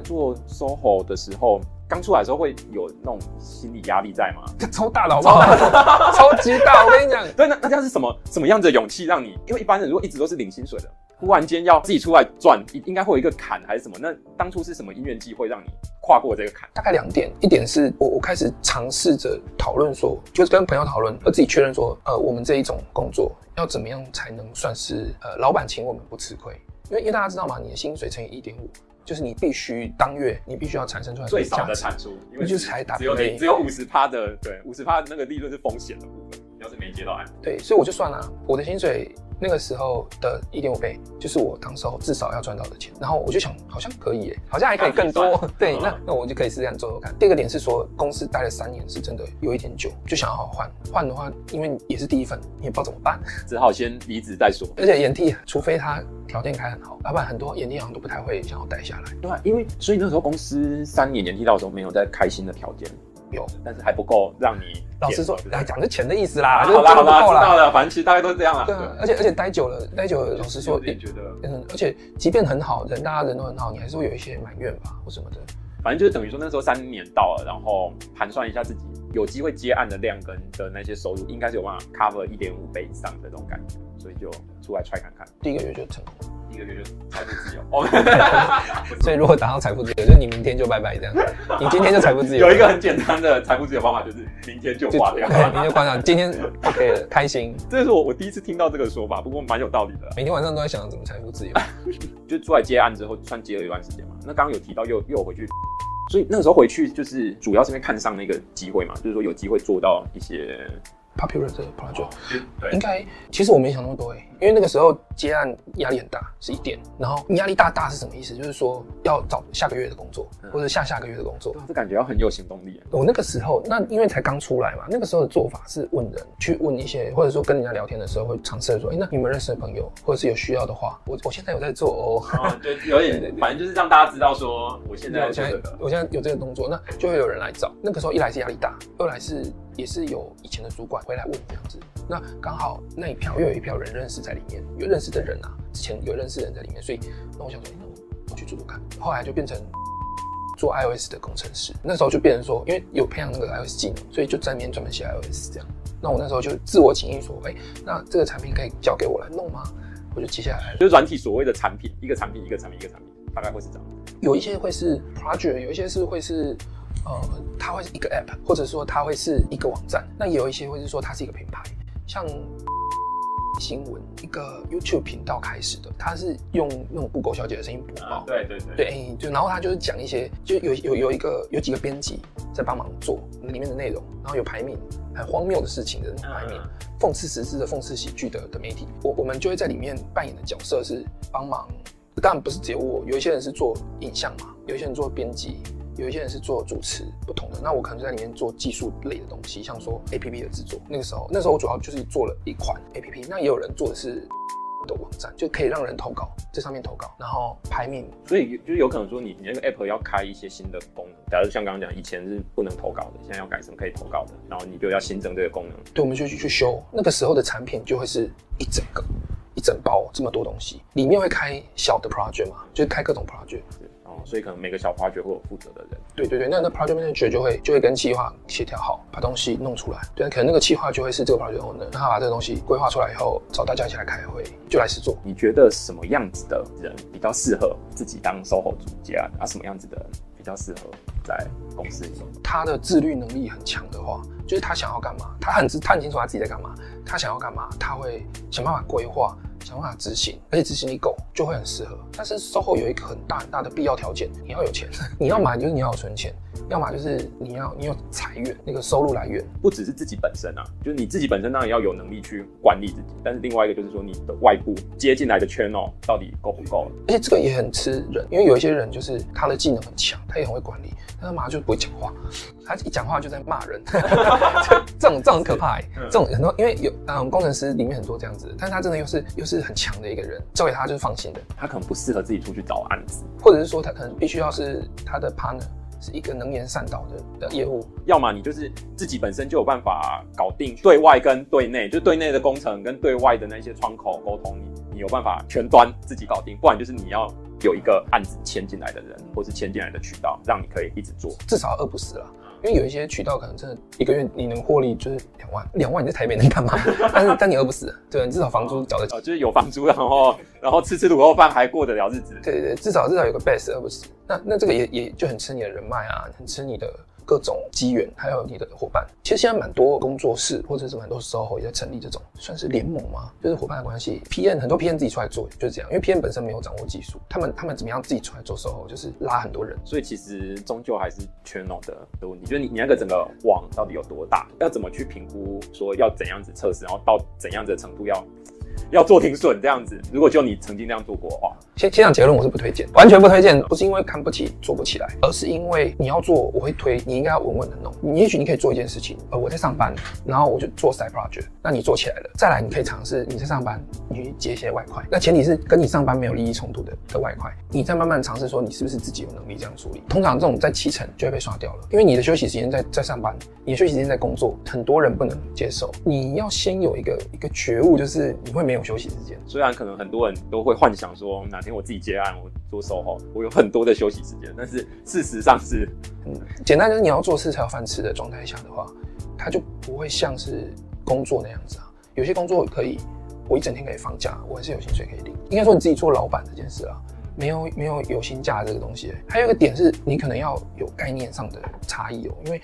做 SOHO 的時候，剛出來的時候會有那種心理壓力在嗎？超大的好不好，超級大！我跟你講，真 的，那那這樣是什麼什麼樣的勇氣讓你？因為一般人如果一直都是領薪水的，忽然間要自己出來賺，應該會有一個坎還是什麼？那當初是什麼因緣際會讓你跨過這個坎？大概兩點，一點是我我開始嘗試着討論說，就是跟朋友討論，而自己確認說，呃，我們這一種工作要怎麼樣才能算是呃老闆請我們不吃虧？因為因為大家知道嘛，你的薪水乘以一點五。就是你必須當月，你必須要產生出來最少的產出，因為你就是才打，只有只有五十趴的，對，五十趴的那個利潤是風險的部分，你要是沒接到案，對，所以我就算了，我的薪水。那個時候的一點五倍，就是我當時候至少要賺到的錢。然後我就想，好像可以、欸，好像還可以更多。啊、對，嗯、那那我就可以試這樣做做看。第二個點是說，公司待了三年是真的有一點久，就想要好換。換的話，因為也是第一份，也不知道怎麼辦，只好先離職再說。而且延期，除非他條件開很好，老闆很多延期好像都不太會想要待下來，對、啊、因為所以那時候公司三年延期到的時候，沒有再開新的條件。有，但是還不夠讓你。老實說，講這錢的意思啦。啊就是、啦好啦好啦，知道了，反正其實大概都是這樣啦。對，而且而且待久了，待久了，老實說，也也覺得嗯，而且即便很好，人大家、啊、人都很好，你還是會有一些埋怨吧，嗯、或什麼的。反正就是等於說那時候三年到了，然後盤算一下自己。有機會接案的量跟的那些收入，應該是有辦法 cover 一點五倍以上的這種感覺，所以就出來 try 看看。第一個月就成功，第一個月就財富自由。 所以如果達到財富自由，就你明天就拜拜這樣，你今天就財富自由。 有一個很簡單的財富自由方法，就是明天就掛掉。明天就掛掉，今天 OK 了，開心。 這是我我第一次聽到這個說法，不過蠻有道理的。 每天晚上都在想,想怎麼財富自由， 就出來接案之後，算接了一段時間嘛。那剛剛有提到又又回去。所以那個時候回去就是主要是因為看上那個機會嘛，就是說有機會做到一些。popular project、哦，對，應該其實我沒想那麼多哎、欸，因為那個時候接案壓力很大，是一點。然後壓力大大是什麼意思？就是說要找下個月的工作，嗯、或者下下個月的工作，是、嗯、感覺要很有行動力、欸。我那個時候，那因為才剛出來嘛，那個時候的做法是問人去問一些，或者說跟人家聊天的時候會嘗試說，哎、欸，那你們認識的朋友，或者是有需要的話，我我現在有在做、喔、哦。就有點，反正就是讓大家知道說，我現在對對對我現在有這個工作，那就會有人來找。那個時候一來是壓力大，二來是。也是有以前的主管回來問這樣子，那剛好那一票又有一票人認識在裡面，有認識的人啊，之前有認識的人在裡面，所以那我想說，那、欸、我去做做看。後來就變成做 iOS 的工程師，那時候就變成說，因為有培養那個 iOS 技能，所以就在裡面專門寫 iOS 這樣。那我那時候就自我請纓說，哎、欸，那這個產品可以交給我來弄嗎？我就接下來就是軟體所謂的產品，一個產品一個產品一個產品，大概會是這樣。有一些會是 project，有一些是會是。呃，它會是一個 app，或者說它會是一個網站。那有一些會是說它是一個品牌，像、XX、新聞一個 YouTube 頻道開始的，它是用那種 Google 小姐的聲音播報、啊。對對對。對，欸、就然後它就是講一些，就有有有一個有幾個編輯在幫忙做裡面的內容，然後有排名，很荒謬的事情的那種排名，諷、啊啊、刺時事的諷刺喜劇的的媒體。我我們就會在裡面扮演的角色是幫忙，當然不是只有我，有一些人是做影像嘛，有一些人做編輯。有一些人是做主持不同的，那我可能就在裡面做技術類的東西，像說 A P P 的製作。那個時候那時候我主要就是做了一款 A P P，那也有人做的是、XX、的網站，就可以讓人投稿，在上面投稿，然後排名。所以就有可能說你你那個 A P P 要開一些新的功能，假如像剛剛講，以前是不能投稿的，現在要改成可以投稿的，然後你比如要新增這個功能，對，我們就去去修。那個時候的產品就會是一整個一整包這麼多東西，裡面會開小的 project 嘛，就是開各種 project。所以可能每個小發掘會有負責的人，對對對，那那 project manager 就會就會跟企劃協調好，把東西弄出來。對，可能那個企劃就會是這個 project manager，那他把這個東西規劃出來以後，找大家一起來開會，就來實作。你覺得什麼樣子的人比較適合自己當 SOHO 族啊？什麼樣子的人比較適合在公司裡頭？他的自律能力很強的話，就是他想要幹嘛，他很他很清楚他自己在幹嘛，他想要幹嘛，他會想辦法規劃。想辦法執行，而且執行力夠就會很適合。但是 SOHO 有一個很大很大的必要條件，你要有錢，你要買，因為你要存錢。要麼就是你要你有財源，那個收入來源不只是自己本身啊，就是你自己本身當然要有能力去管理自己，但是另外一個就是說你的外部接進來的圈哦到底夠不夠？而且這個也很吃人，因為有一些人就是他的技能很強，他也很會管理，但他馬上就不會講話，他一講話就在罵人，這 這種這種可怕、欸嗯，這種很多因為有嗯工程師裡面很多這樣子，但是他真的又是又是很強的一個人，交給他就是放心的，他可能不適合自己出去找案子，或者是說他可能必須要是他的 partner。是一個能言善道的的業務，要麼你就是自己本身就有辦法搞定對外跟對內，就對內的工程跟對外的那些窗口溝通你，你你有辦法全端自己搞定，不然就是你要有一個案子牽進來的人，或是牽進來的渠道，讓你可以一直做，至少餓不死了。因為有一些渠道可能真的一個月你能獲利就是兩萬，兩萬你在台北能幹嘛？但是當你餓不死，對，你至少房租繳得起，就是有房租然後然後吃吃滷肉飯還過得了日子，對對,對，至少至少有個 base 餓不死。那那這個也也就很吃你的人脈啊，很吃你的。各種機緣，還有你的夥伴。其實現在蠻多工作室或者是蠻多 SOHO 也在成立這種，算是聯盟嗎？就是夥伴的關係。P N 很多 P N 自己出來做，就是這樣，因為 P N 本身沒有掌握技術，他們他們怎麼樣自己出來做 SOHO，就是拉很多人。所以其實終究還是 channel 的的問題，你就是你你那個整個網到底有多大，要怎麼去評估？說要怎樣子測試，然後到怎樣子的程度要？要做停損這樣子，如果就你曾經那樣做過的話，先先講結論，我是不推薦，完全不推薦。不是因為看不起做不起來，而是因為你要做，我會推你應該要穩穩的弄。你也許你可以做一件事情，呃，我在上班，然後我就做 side project，那你做起來了，再來你可以嘗試你在上班，你去接一些外快，那前提是跟你上班沒有利益衝突的的外快，你再慢慢嘗試說你是不是自己有能力這樣處理。通常這種在七成就會被刷掉了，因為你的休息時間在在上班，你的休息時間在工作，很多人不能接受。你要先有一個一個覺悟，就是你會。沒有休息時間，雖然可能很多人都會幻想說哪天我自己接案，我做 SOHO，我有很多的休息時間，但是事實上是，嗯，簡單就是你要做事才有飯吃的狀態下的話，它就不會像是工作那樣子啊。有些工作可以，我一整天可以放假，我也是有薪水可以領。應該說你自己做老闆這件事啊，沒有沒有有薪假這個東西，欸。還有一個點是你可能要有概念上的差異哦，喔，因為。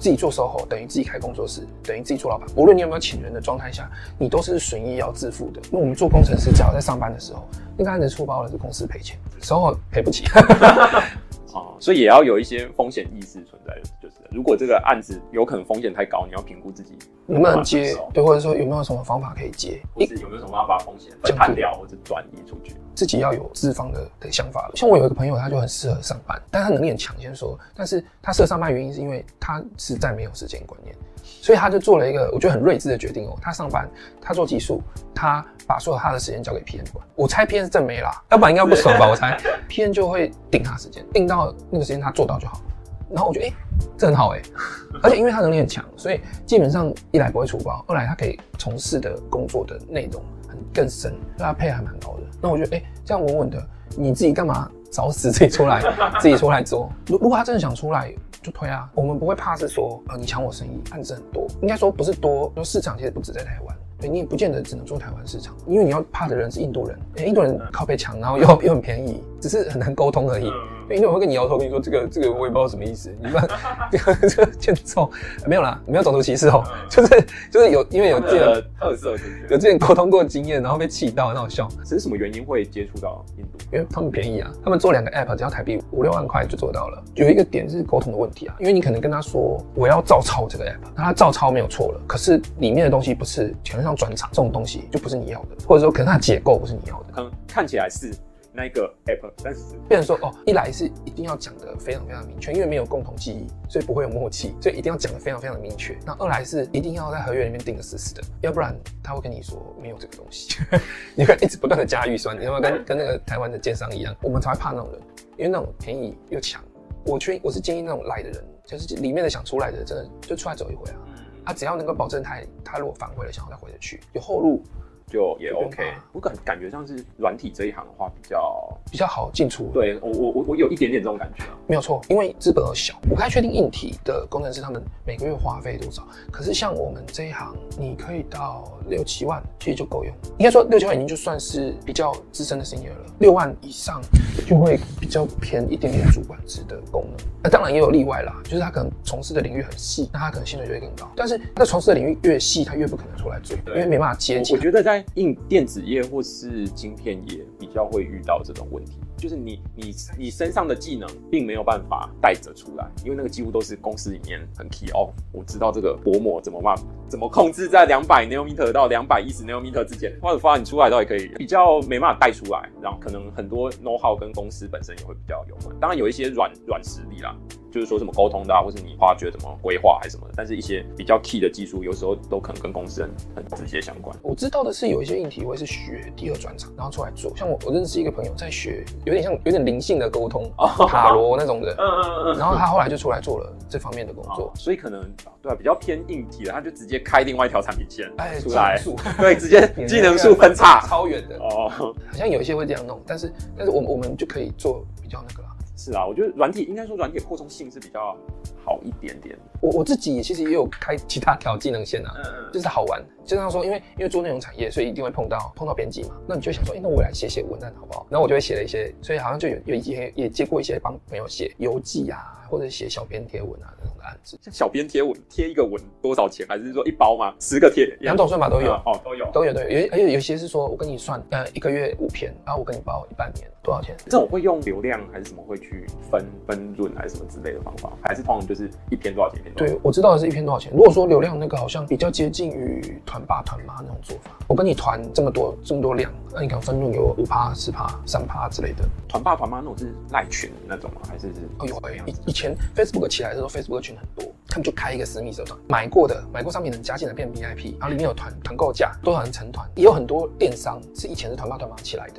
自己做 SOHO 等於自己開工作室，等於自己做老闆。無論你有沒有請人的狀態下，你都是損益要自負的。那我們做工程師，只要在上班的時候，你看得出包了，是公司賠錢，SOHO 賠不起。 所以也要有一些風險意識存在的，就是如果這個案子有可能風險太高，你要評估自己能不能接，對，或者說有沒有什麼方法可以接，或者有沒有什麼辦法風險攤掉或者轉移出去，自己要有資方的的想法。像我有一個朋友，他就很適合上班，但他能力很強先說，但是他適合上班原因是因為他實在沒有時間觀念。所以他就做了一個我覺得很睿智的決定哦，他上班，他做技術，他把所有他的時間交給 P N 管。我猜 P N 是真沒了，要不然應該不熟吧？我猜 P N 就會定他時間，定到那個時間他做到就好。然後我覺得哎，這很好哎、欸，而且因為他能力很強，所以基本上一來不會出包，二來他可以從事的工作的內容很更深，他配還蠻高的。那我覺得哎，這樣穩穩的，你自己幹嘛？找死自己出來，自己出來做。如如果他真的想出來，就推啊。我們不會怕是說，呃，你搶我生意，案子很多，應該說不是多，就市場其實不止在台灣，對你也不見得只能做台灣市場，因為你要怕的人是印度人，欸、印度人靠北強，然後又又很便宜，只是很難溝通而已。因為我會跟你搖頭，跟你說這個這個我也不知道什麼意思，你這個這個欠揍，沒有啦，你沒有種族歧視哦、喔嗯，就是就是有因為有呃，特色特色有之前溝通過的經驗，然後被氣到，鬧笑。只是什麼原因會接觸到印度？因為他們便宜啊，他們做兩個 app 只要台幣五六萬塊就做到了。有一個點是溝通的問題啊，因為你可能跟他說我要照抄這個 app，那他照抄沒有錯了，可是裡面的東西不是像轉場這種東西就不是你要的，或者說可能他結構不是你要的，能看，看起來是。那一個 app，但是，變成說哦，一來是一定要講的非常非常的明確，因為沒有共同記憶，所以不會有默契，所以一定要講的非常非常的明確。那二來是一定要在合約裡面定個死死的，要不然他會跟你說沒有這個東西， 你看一直不斷的加預算，你要跟跟那個台灣的奸商一樣， 我們才會怕那種人，因為那種便宜又強。我勸我是建議那種賴的人，就是裡面的想出來的，真的就出來走一回啊。他、啊、只要能夠保證他他如果反悔了，想要再回得去，有後路。就也 OK，我感感覺像是軟體這一行的話比比較比較好進出對。對我我我我有一點點這種感覺、啊，沒有錯，因為資本額小。我不太確定硬體的工程師他們每個月花費多少？可是像我們這一行，你可以到六七萬其實就夠用。應該說六七萬已經就算是比較資深的 senior 了。六萬以上就會比較偏一點點主管職的功能。那、啊、當然也有例外啦，就是他可能從事的領域很細，那他可能薪水就會更高。但是他在從事的領域越細，他越不可能出來做，對，因為沒辦法兼。我覺得在硬電子業或是晶片業比較會遇到這種問題，就是你你你身上的技能並沒有辦法帶着出來，因為那個幾乎都是公司裡面很 key。哦，我知道這個薄膜怎麼辦，怎麼控制在兩百 Nm 到兩百一十 Nm 之間，或者發你出來倒也可以，比較沒辦法帶出來，然後可能很多 know how 跟公司本身也會比較有關，當然有一些軟軟實力啦。就是說什麼溝通的、啊，或是你發掘什麼規劃還是什麼的，但是一些比較 key 的技術，有時候都可能跟公司很很直接相關。我知道的是，有一些硬體，我會是學第二專長，然後出來做。像我，我認識一個朋友，在學有點像有點靈性的溝通，塔羅那種的。嗯嗯嗯。然後他後來就出來做了這方面的工作，哦嗯嗯嗯、所以可能對、啊、比較偏硬體的，他就直接開另外一條產品線、哎、出來，對， 直接技能樹分叉，超遠的哦。好像有一些會這樣弄，但是但是我們我們就可以做比較那個。是啊，我覺得軟體應該說軟體擴充性是比較好一點點。我我自己其實也有開其他條技能線啊，嗯嗯就是好玩。就像說，因為因為做內容產業，所以一定會碰到碰到編輯嘛，那你就想說，哎、欸，那我來寫寫文案好不好？然後我就會寫了一些，所以好像就有有一些，也接過一些幫朋友寫遊記啊，或者寫小編貼文啊。小編貼，我貼一個文多少錢？還是說一包嗎？十個貼，兩種算法都有。哦，都有，都有，都有。有，有些是說，我跟你算，呃，一個月五篇，然後我跟你包一半年多少錢？這種會用流量還是什麼會去分分潤還是什麼之類的方法？還是通常就是一篇，一篇多少錢？對，我知道的是一篇多少錢。如果說流量那個好像比較接近於團爸團媽那種做法，我跟你團這麼多這麼多量，那、啊、你能分潤給我五趴、四趴、三趴之類的？團爸團媽那種是賴群的那種嗎？還是是？哦呦，以、欸、以前 Facebook 起來的時候，Facebook 群。很多，他們就開一個私密社團，買過的、買過商品的加進來變 VIP，然後裡面有團團購價，多少人成團，也有很多電商是以前是團爸團爸起來的。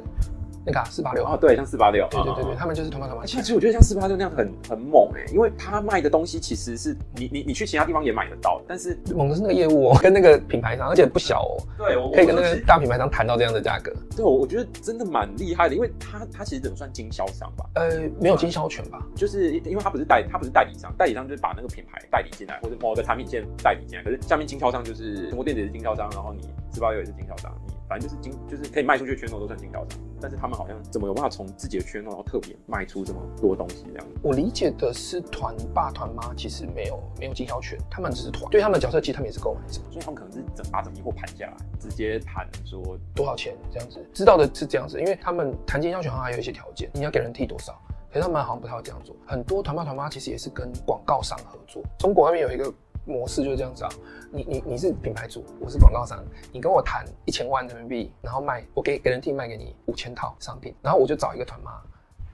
那個四八六啊486，哦，對，像四八六，對對對，哦、他們就是同款同款。其實我覺得像四八六那樣很，嗯、很猛哎、欸，因為他賣的東西其實是你你你去其他地方也買得到，但是猛的是那個業務哦、喔嗯，跟那個品牌商，而且不小哦、喔嗯。對我，可以跟那個大品牌商談到這樣的價格。對，我我覺得真的蠻厲害的，因為他他其實怎麼算經銷商吧？呃，沒有經銷權吧、嗯？就是因為他不是代，他不是代理商，代理商就是把那個品牌代理進來，或者某個產品線代理進來。可是下面經銷商就是全國電子也是經銷商，然後你四八六也是經銷商。反正就是經，就是可以賣出去的圈層都算經銷商，但是他們好像怎麼有辦法從自己的圈層，然後特別賣出這麼多東西這樣。我理解的是團爸團媽其實沒有，沒有經銷權，他們只是團。對他們的角色，其實他們也是購買者。所以他們可能是整把整批貨盤下來，直接談說多少錢這樣子。知道的是這樣子，因為他們談經銷權好像還有一些條件，你要給人替多少，可是他們好像不太會這樣做。很多團爸團媽其實也是跟廣告商合作，中國外面有一個。模式就是這樣子啊，你你你是品牌主，我是廣告商，你跟我談一千萬人民幣，然後賣我給給人替賣給你五千套商品，然後我就找一個團媽，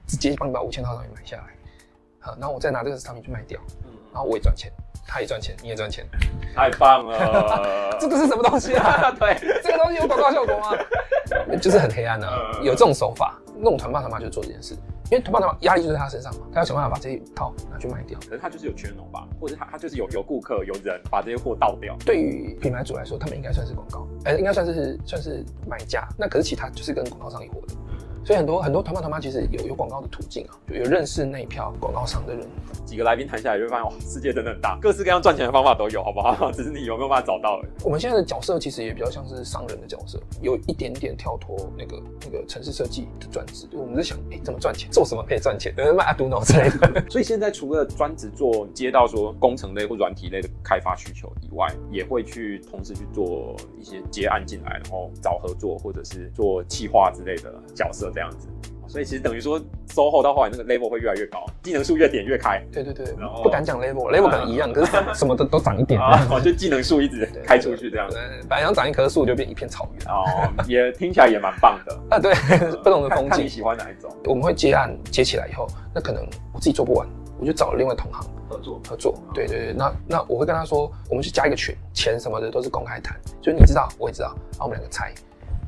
直接幫你把五千套商品買下來，好，然後我再拿這個商品去賣掉，然後我也賺錢，他也賺錢，你也賺錢，太棒了， 這個是什麼東西啊？ 對，這個東西有廣告效果嗎？ 就是很黑暗的、呃，有這種手法，那種團爸團媽就是做這件事，因為團爸團媽壓力就是在他身上嘛，他要想辦法把這一套拿去賣掉，可能他就是有圈農吧，或者他他就是有有顧客有人把這些貨倒掉。對於品牌主來說，他們應該算是廣告，哎、呃，應該算是算是買家，那可是其他就是跟廣告商一夥的。所以很多很多團爸團媽其實有有廣告的途徑啊，就有認識那一票廣告商的人，幾個來賓談下來就會發現哇，世界真的很大，各式各樣賺錢的方法都有，好不好？ 只是你有沒有辦法找到，欸，我們現在的角色其實也比較像是商人的角色，有一點點跳脫那個那個城市設計的專職。我們是想，哎，欸，怎麼賺錢？做什麼可以賺錢？賣 Arduino 之類的。 所以現在除了專職做接到說工程類或軟體類的開發需求以外，也會去同時去做一些接案進來，然後找合作或者是做企劃之類的角色。這樣子，所以其實等於說，SOHO 到後來那個 level 會越來越高，技能樹越點越開。對對對，不敢講 level，level、uh, 可能一樣，uh, 可是什麼都、uh, 都長一點啊、uh, 哦。就技能樹一直開出去這樣子，對，對，對，對。反正長一棵樹就變一片草原。哦，也聽起來也蠻棒的。 啊，對，不同的風景，你喜歡哪一種？我們會接案接起來以後，那可能我自己做不完，我就找了另外同行合作合作，合作。對對對，那那我會跟他說，我們去加一個群，錢什麼的都是公開談，所以你知道我也知道，那我們兩個猜，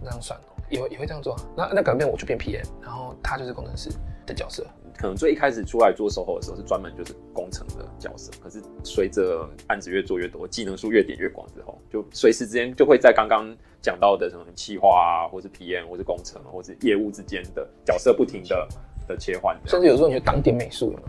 這樣算了。也會也會這樣做，那那改變我就變 PM，然後他就是工程師的角色。可能最一開始出來做 SOHO 的時候是專門就是工程的角色，可是隨着案子越做越多，技能樹越點越廣之後，就隨時之間就會在剛剛講到的什麼企劃啊，或是 PM，或是工程，或是業務之間的角色不停的。嗯嗯嗯嗯的切換，甚至有時候你就當點美術了。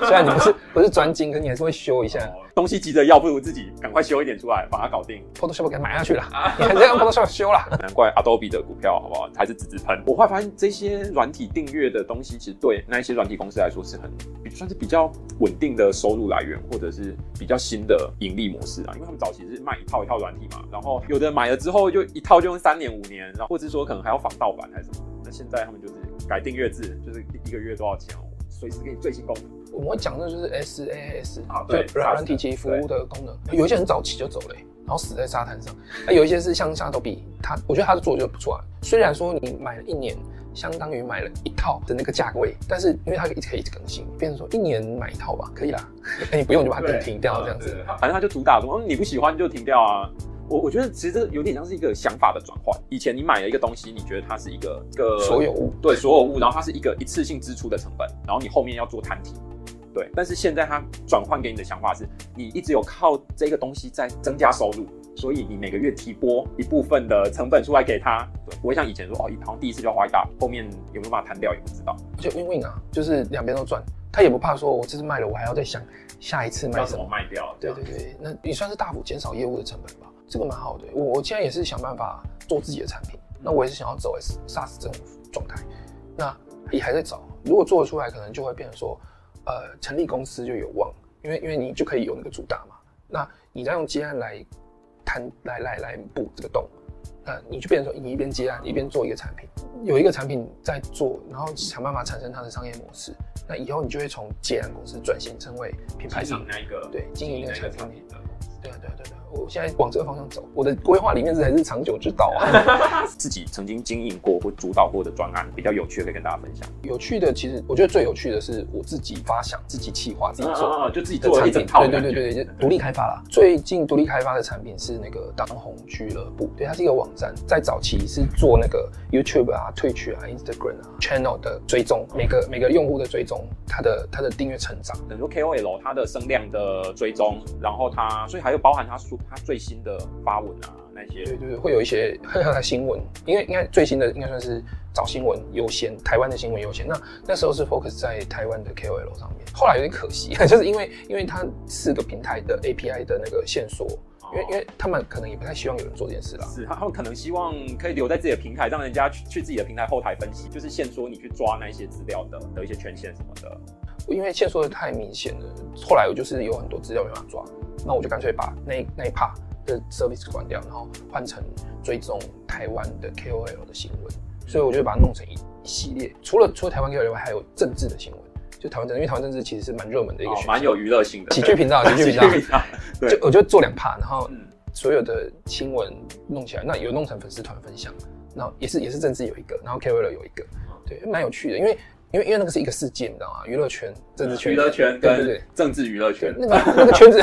雖然你不是不是專精，可你還是會修一下。哦，東西急着要，不如自己趕快修一點出來，把它搞定。Photoshop 給它買下去了，你看這樣 Photoshop 修了，難怪 Adobe 的股票好不好還是直直噴。我後來發現這些軟體訂閱的東西，其實對那一些軟體公司來說是很比算是比較穩定的收入來源，或者是比較新的盈利模式啊。因為他們早期是賣一套一套軟體嘛，然後有的買了之後就一套就用三年五年，然後或者說可能還要防盜版還是什麼的，那現在他們就是。改訂閱制，就是一一個月多少錢哦、喔？隨時給你最新功能。我們會講的就是 SaaS 啊，對，軟體即服務的功能。有一些很早期就走了、欸，然後死在沙灘上。有一些是像沙頭 像 比，他我覺得他的做就不錯啊。雖然說你買了一年，相當於買了一套的那個價位，但是因為他一直可以一直更新，變成說一年買一套吧，可以啦。那、 欸、你不用就把它停掉這樣子，嗯、反正他就主打說，嗯，你不喜歡就停掉啊。我我覺得其實這個有點像是一個想法的轉換。以前你買了一個東西，你覺得它是一個一個所有物，對所有物，然後它是一個一次性支出的成本，然後你後面要做攤提，對。但是現在它轉換給你的想法是，你一直有靠這個東西在增加收入，所以你每個月提撥一部分的成本出來給他，對，不會像以前說哦，一、喔、像第一次就要花一大，後面有沒有辦法攤掉也不知道。而且為 i 啊，就是兩邊都賺，他也不怕說，我這次賣了，我還要再想下一次賣什麼，什麼賣掉。對對對，那你算是大幅減少業務的成本吧。這個蠻好的，我我現在也是想辦法做自己的產品，那我也是想要走 SaaS 這種狀態，那也還在找。如果做得出來，可能就會變成說，呃，成立公司就有望，因為因為你就可以有那個主打嘛。那你再用接案來，談，來來來補這個洞，那你就變成說，你一邊接案，嗯、一邊做一個產品，有一個產品在做，然後想辦法產生它的商業模式，那以後你就會從接案公司轉型成為品牌上一個對經營那個產品的，對對對對。我現在往這個方向走，我的規劃裡面是還是長久之道啊。 自己曾經經營過或主導過的專案，比較有趣的可以跟大家分享。有趣的，其實我覺得最有趣的是我自己發想、自己企劃、自己做啊啊啊啊啊，就自己做一整套。對對對對獨立開發啦。 最近獨立開發的產品是那個當紅俱樂部，對，它是一個網站，在早期是做那個 YouTube 啊、啊、Twitch 啊，啊、Instagram 啊 Channel 的追蹤、嗯，每個每個用戶的追蹤，它的它的訂閱成長，等於說 K O L 它的聲量的追蹤、嗯，然後它所以還有包含它數。他最新的發文啊，那些對對，是會有一些會看他新聞，因為應該最新的應該算是找新聞優先，台灣的新聞優先。那那時候是 focus 在台灣的 KOL 上面，後來有點可惜，就是因為因為它四個平台的 API 的那個線索，哦、因為因為他們可能也不太希望有人做這件事啦。是，他們可能希望可以留在自己的平台，讓人家去去自己的平台後台分析，就是線索你去抓那一些資料的的一些權限什麼的，因為線索得太明顯了，後來我就是有很多資料沒辦法抓。那我就乾脆把那一那一趴的 service 關掉，然後換成追蹤台灣的 K O L 的新聞，所以我就把它弄成一,一系列，除了除了台灣 K O L 以外，還有政治的新聞，就台灣政治，因為台灣政治其實是蠻熱門的一個學習，哦、蠻有娛樂性的喜劇頻道，喜劇頻道，就對我就做兩趴，然後所有的新聞弄起來，那有弄成粉絲團分享，然後也是也是政治有一個，然後 K O L 有一個，對，蠻有趣的，因為。因為因為那個是一個世界，你知道嗎？娛樂圈、政治圈、娛樂圈跟政治娛樂圈，對對對對對對圈，那個那個圈子，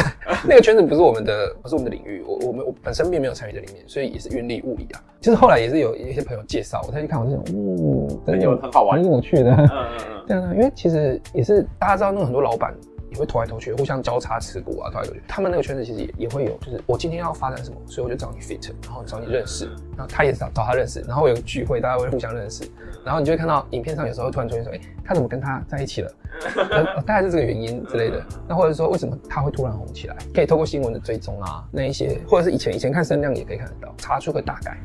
那個圈子不是我們的，不是我們的領域。我我們我本身並沒有參與在裡面，所以也是雲裡霧裡啊。其、就、實、是、後來也是有一些朋友介紹我，再去看我就想，嗯，感、嗯、有，很好玩，很我去的、啊。嗯嗯嗯，對啊，因為其實也是大家知道，那種很多老板。也會投來投去，互相交叉持股啊，投來投去。他們那個圈子其實也也會有，就是我今天要發展什麼，所以我就找你 fit，然後找你認識。然後他也找找他認識，然後有個聚會，大家會互相認識。然後你就會看到影片上有時候突然出現說，哎、欸，他怎麼跟他在一起了？呃，大概是這個原因之類的。那或者說為什麼他會突然紅起來？可以透過新聞的追蹤啊，那一些或者是以前以前看聲量也可以看得到，查出個大概。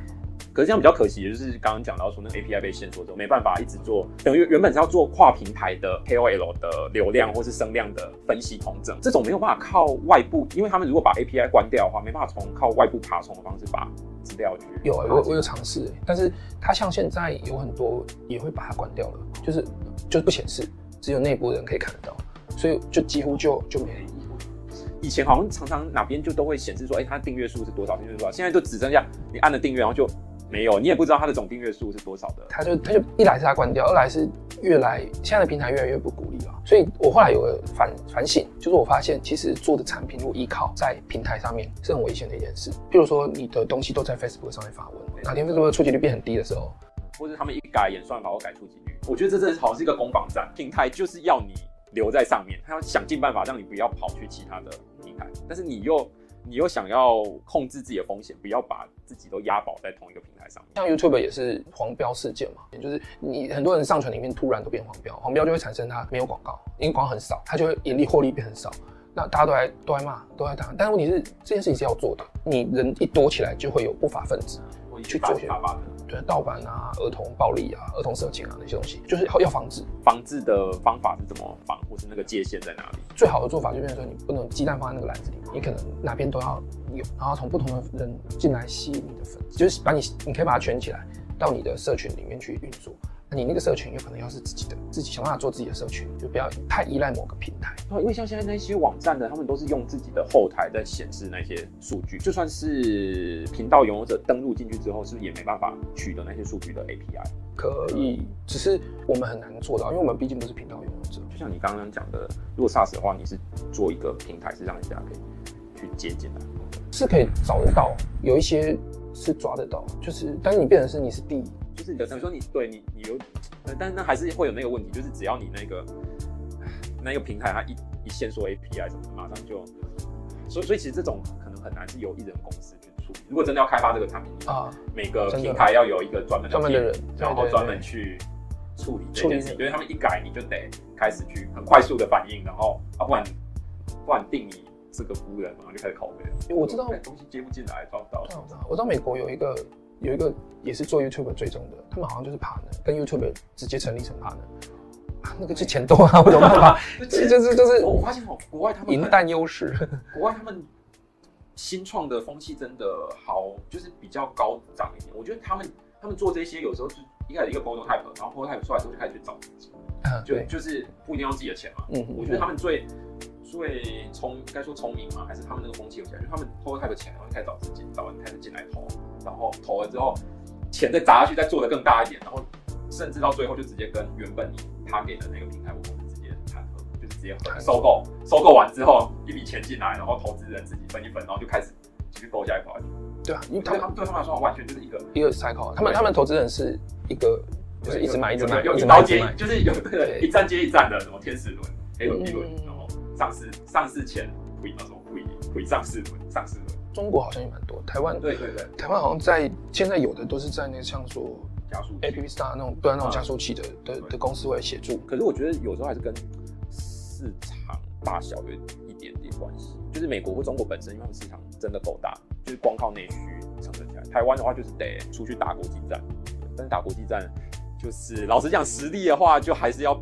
可是這樣比較可惜，就是剛剛講到說那個 API 被線索之後就沒辦法一直做。等於原本是要做跨平台的 KOL 的流量或是聲量的分析、統整，這種沒有辦法靠外部，因為他們如果把 API 關掉的話，沒辦法從靠外部爬蟲的方式把資料去。有,欸、有，我我有嘗試、欸，但是它像現在有很多也會把它關掉了，就是就不顯示，只有內部的人可以看得到，所以就幾乎就就沒人用。以前好像常常哪邊就都會顯示說，哎、欸，它的訂閱數是多少，是多少。現在就只剩下你按了訂閱，然後就。沒有，你也不知道它的總訂閱數是多少的。他就它就一來是他關掉，二來是越來現在的平台越來越不鼓勵了。所以，我後來有個反反省，就是我發現其實做的產品如果依靠在平台上面是很危險的一件事。譬如說你的東西都在 Facebook 上面發文，哪天 Facebook 的觸及率變很低的時候，或者他們一改演算把我改觸及率，我覺得這真是好像是一個攻防戰。平台就是要你留在上面，他要想盡辦法讓你不要跑去其他的平台，但是你又。你又想要控制自己的風險，不要把自己都押寶在同一個平台上。像 YouTube 也是黃標事件嘛，就是你很多人上傳裡面突然都變黃標，黃標就會產生它沒有廣告，因為廣告很少，它就會盈利獲利變很少。那大家都愛都在罵、嗯，都在打，但是問題是這件事情是要做的，你人一多起來就會有不法分子去做。嗯嗯嗯嗯嗯嗯嗯嗯就是盜版啊，兒童暴力啊，兒童色情啊，那些東西，就是要防止。防治的方法是怎麼防，或是那個界限在哪裡？最好的做法就變成說，你不能雞蛋放在那個籃子裡面，你可能哪邊都要有，然後從不同的人進來吸引你的粉，就是把你，你可以把它圈起來，到你的社群裡面去運作。你那個社群有可能要是自己的，自己想辦法做自己的社群，就不要太依賴某個平台。因為像現在那些網站的，他們都是用自己的後台在顯示那些數據，就算是頻道擁有者登錄進去之後，是不是也沒辦法取得那些數據的 API？可以、嗯，只是我們很難做到，因為我們畢竟不是頻道擁有者。就像你剛剛講的，如果 SaaS 的話，你是做一個平台，是讓人家可以去接進來的，是可以找得到，有一些是抓得到，就是但是你變成是你是第一。就是你的比如說你對你你有，但是那還是會有那個問題，就是只要你那個，那個平台它一一限縮 API 什麼的，馬上就，所以所以其實這種可能很難是由一人公司去處理。如果真的要開發這個產品啊，每個平台要有一個專門的人，然後專門去處理這件事，因為、就是、他們一改你就得開始去很快速的反應，嗯、然後啊不然不然定你是個孤人然後就開始拷貝了。我知道東西接不進來，抓不到。我知道美國有一個。有一個也是做 YouTube 最終的，他們好像就是 Partner 跟 YouTube 直接成立成 Partner，啊、那個是錢多啊，沒有辦法， 就是、就是、就是。我發現哦，國外他們。贏淡優勢。國外他們新創的風氣真的好，就是比較高漲一點。我覺得他們他們做這些有時候就一開始一個 Prototype，然後 Prototype 出來之後就開始去找自己、啊。就就是不一定要自己的錢嘛。嗯，哼嗯，我覺得他們最最聰，應該說聰明嗎？還是他們那個風氣？有覺就是、他們 Prototype 錢，然後開始找資金，找完開始進來投。然後投了之後，錢再砸下去，再做得更大一點，然後甚至到最後就直接跟原本你他給的那個平台我們直接談和，就是直接合收購。收購完之後，一筆錢進來，然後投資人自己分一分，然後就開始繼續勾下一塊去。對啊，因為他們對他們來說完全就是一個一個 cycle。他們他們投資人是一個就是一直買一直買，買，買，買，買一刀接，就是有那一站接一站的，什麼天使輪、A 輪、B、嗯、輪，然後上市上市前回那什麼回回上市輪上市輪。中國好像也蠻多，台灣對對對，台灣好像在現在有的都是在那個像說 A P P Star 那種不然，啊、那種加速器的，嗯、的的公司會協助。可是我覺得有時候還是跟市場大小有一點點關係，就是美國或中國本身，因為市場真的夠大，就是光靠內需撐得起來。台灣的話就是得出去打國際戰，但是打國際戰，就是老實講實力的話，就還是要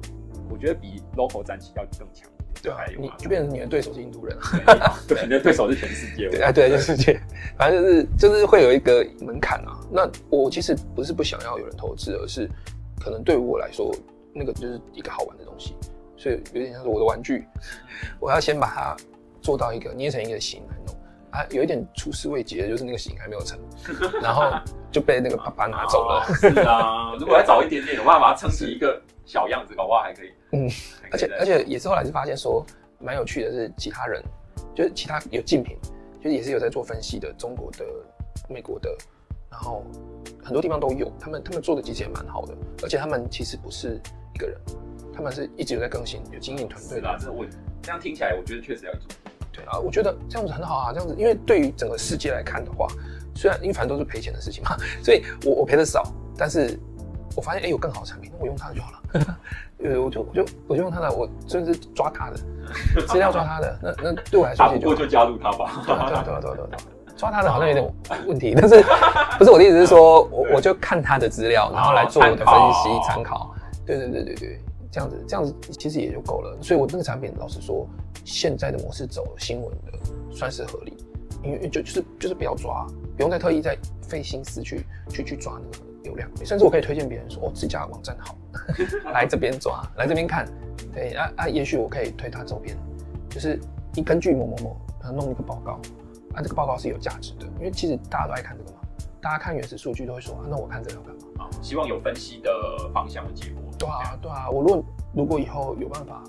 我覺得比 local 戰旗要更強。對、啊，哎，你就變成你的對手是印度人、啊，嗯，對，你的對對手是全世界了。哎，對，就是、啊、世界，反正就是就是會有一個門檻啊。那我其實不是不想要有人投資，而是可能對於我來說，那個就是一個好玩的東西，所以有點像是我的玩具，我要先把它做到一個捏成一個形來弄啊，有一點出師未捷，就是那個形還沒有成呵呵，然後就被那個爸爸拿走了。啊是啊、如果要早一點點，我辦法把它撐起一個。小樣子的話還可以，嗯，而且而且也是後來是發現說蠻有趣的，是其他人就是其他有競品，就是也是有在做分析的，中國的、美國的，然後很多地方都有，他們他們做的其實也蠻好的，而且他們其實不是一個人，他們是一直有在更新，有經營團隊啦。這我這樣聽起來，我覺得確實要做。對啊，我覺得這樣子很好啊，這樣子因為對於整個世界來看的話，雖然因為反正都是賠錢的事情嘛，所以我我賠的少，但是。我發現哎、欸，有更好的產品，我用它就好了。呃， 我就就我就用它來，我甚至抓它的資料抓它的，那那對我來說就打不過就加入它吧。 啊、對、啊、對、啊、對、啊、對、啊、對、啊，抓它的好像有點有問題，但是不是我的意思是說，我我就看它的資料，然後來做我的分析參考。參考對，對對對對對，這樣子這樣子其實也就夠了。所以我那個產品，老實說，現在的模式走新聞的算是合理，因為就就是就是不要抓，不用再特意再費心思去去去抓那個。流量，甚至我可以推薦別人說哦，這家網站好， 來這邊抓，來這邊看，對啊啊，也許我可以推他周邊，就是一根據某某某呃弄一個報告，啊這個報告是有價值的，因為其實大家都愛看這個嘛，大家看原始數據都會說啊那我看這個幹嘛啊？希望有分析的方向的結果。對啊對啊，我如果如果以後有辦法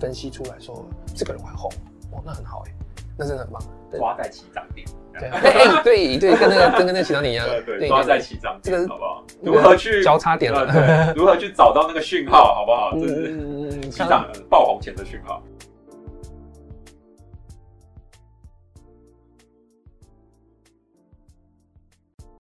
分析出來說這個人會紅，哦那很好哎、欸。那是什麼？棒，抓在起漲點，對、啊 欸、對，對，對跟那個 跟，跟那個起漲點一樣、啊，對，對，抓在起漲點，這個。好不好？那個、如何去交叉點了、啊對？如何去找到那個訊號？ 好不好？這是嗯，起、嗯、漲爆紅前的訊號。